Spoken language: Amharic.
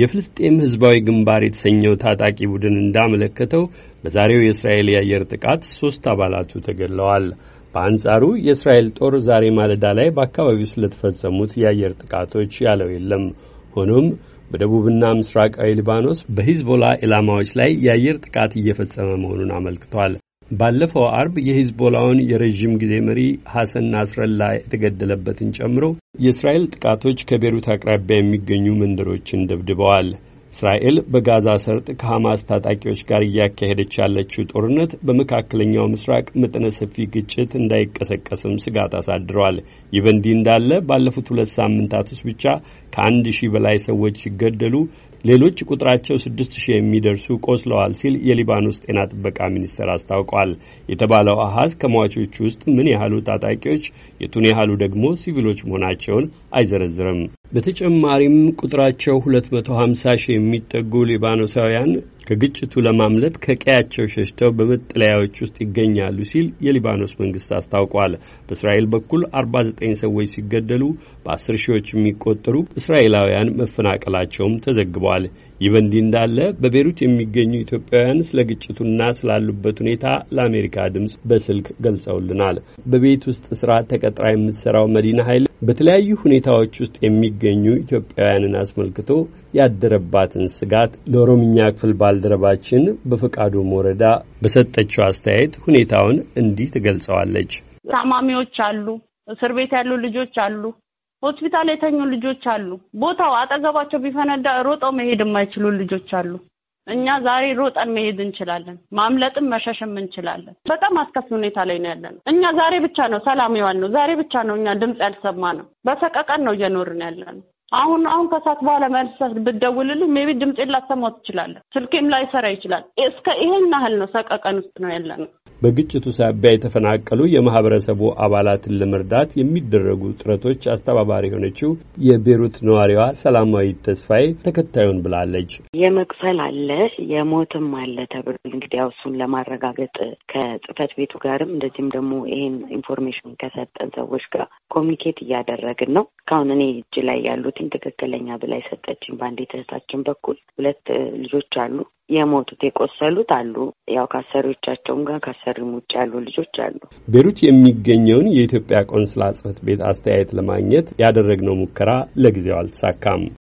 የፍልስጤም ህዝባዊ ግንባር የተሰኘው ታጣቂ ቡድን እንዳመለከተው በዛሬው የእስራኤል የአየር ጥቃት ሶስት አባላቱ ተገድለዋል። በአንጻሩ የእስራኤል ጦር ዛሬ ማለዳ ላይ በአካባቢው ስለተፈጸሙት የአየር ጥቃቶች ያለው የለም። ሆኖም በደቡብና ምስራቃዊ ሊባኖስ በሂዝቦላ ኢላማዎች ላይ የአየር ጥቃት እየፈጸመ መሆኑን አመልክቷል። ባለፈው አርብ የሂዝቦላውን የረዥም ጊዜ መሪ ሐሰን ናስረላ የተገደለበትን ጨምሮ የእስራኤል ጥቃቶች ከቤሩት አቅራቢያ የሚገኙ መንደሮችን ደብድበዋል። እስራኤል በጋዛ ሰርጥ ከሐማስ ታጣቂዎች ጋር እያካሄደች ያለችው ጦርነት በመካከለኛው ምስራቅ መጠነ ሰፊ ግጭት እንዳይቀሰቀስም ስጋት አሳድረዋል። ይህ በእንዲህ እንዳለ ባለፉት ሁለት ሳምንታት ውስጥ ብቻ ከአንድ ሺህ በላይ ሰዎች ሲገደሉ ሌሎች ቁጥራቸው ስድስት ሺህ የሚደርሱ ቆስለዋል ሲል የሊባኖስ ጤና ጥበቃ ሚኒስቴር አስታውቋል። የተባለው አሀዝ ከሟቾቹ ውስጥ ምን ያህሉ ታጣቂዎች፣ የቱን ያህሉ ደግሞ ሲቪሎች መሆናቸውን አይዘረዝርም። በተጨማሪም ቁጥራቸው 250 ሺህ የሚጠጉ ሊባኖሳውያን ከግጭቱ ለማምለጥ ከቀያቸው ሸሽተው በመጠለያዎች ውስጥ ይገኛሉ ሲል የሊባኖስ መንግስት አስታውቋል። በእስራኤል በኩል 49 ሰዎች ሲገደሉ በ10 ሺዎች የሚቆጠሩ እስራኤላውያን መፈናቀላቸውም ተዘግቧል። ይህ በእንዲህ እንዳለ በቤሩት የሚገኙ ኢትዮጵያውያን ስለ ግጭቱና ስላሉበት ሁኔታ ለአሜሪካ ድምፅ በስልክ ገልጸውልናል። በቤት ውስጥ ስራ ተቀጥራ የምትሰራው መዲና ኃይል በተለያዩ ሁኔታዎች ውስጥ የሚ። የሚገኙ ኢትዮጵያውያንን አስመልክቶ ያደረባትን ስጋት ለኦሮምኛ ክፍል ባልደረባችን በፈቃዱ ወረዳ በሰጠችው አስተያየት ሁኔታውን እንዲህ ትገልጸዋለች። ታማሚዎች አሉ፣ እስር ቤት ያሉ ልጆች አሉ፣ ሆስፒታል የተኙ ልጆች አሉ፣ ቦታው አጠገባቸው ቢፈነዳ ሮጠው መሄድ የማይችሉ ልጆች አሉ። እኛ ዛሬ ሮጠን መሄድ እንችላለን። ማምለጥም መሸሽም እንችላለን። በጣም አስከፊ ሁኔታ ላይ ነው ያለነው። እኛ ዛሬ ብቻ ነው ሰላም የዋል ነው። ዛሬ ብቻ ነው እኛ ድምፅ ያልሰማ ነው። በሰቀቀን ነው እየኖርን ያለ ነው። አሁን አሁን ከሰዓት በኋላ መልሰህ ብትደውልልኝ ሜቢ ድምፅ ላሰማው ትችላለህ። ስልኬም ላይሰራ ይችላል። እስከ ይሄን ያህል ነው ሰቀቀን ውስጥ ነው ያለነው። በግጭቱ ሳቢያ የተፈናቀሉ የማህበረሰቡ አባላትን ለመርዳት የሚደረጉ ጥረቶች አስተባባሪ የሆነችው የቤሩት ነዋሪዋ ሰላማዊ ተስፋዬ ተከታዩን ብላለች። የመቁሰል አለ፣ የሞትም አለ ተብሎ እንግዲህ ያው እሱን ለማረጋገጥ ከጽህፈት ቤቱ ጋርም እንደዚህም ደግሞ ይሄን ኢንፎርሜሽን ከሰጠን ሰዎች ጋር ኮሚኒኬት እያደረግን ነው። ካሁን እኔ እጅ ላይ ያሉትን ትክክለኛ ብላ የሰጠችኝ በአንዲት እህታችን በኩል ሁለት ልጆች አሉ የሞቱት የቆሰሉት አሉ። ያው ከአሰሪዎቻቸውም ጋር ከአሰሪም ውጭ ያሉ ልጆች አሉ። ቤሩት የሚገኘውን የኢትዮጵያ ቆንስላ ጽፈት ቤት አስተያየት ለማግኘት ያደረግነው ሙከራ ለጊዜው አልተሳካም።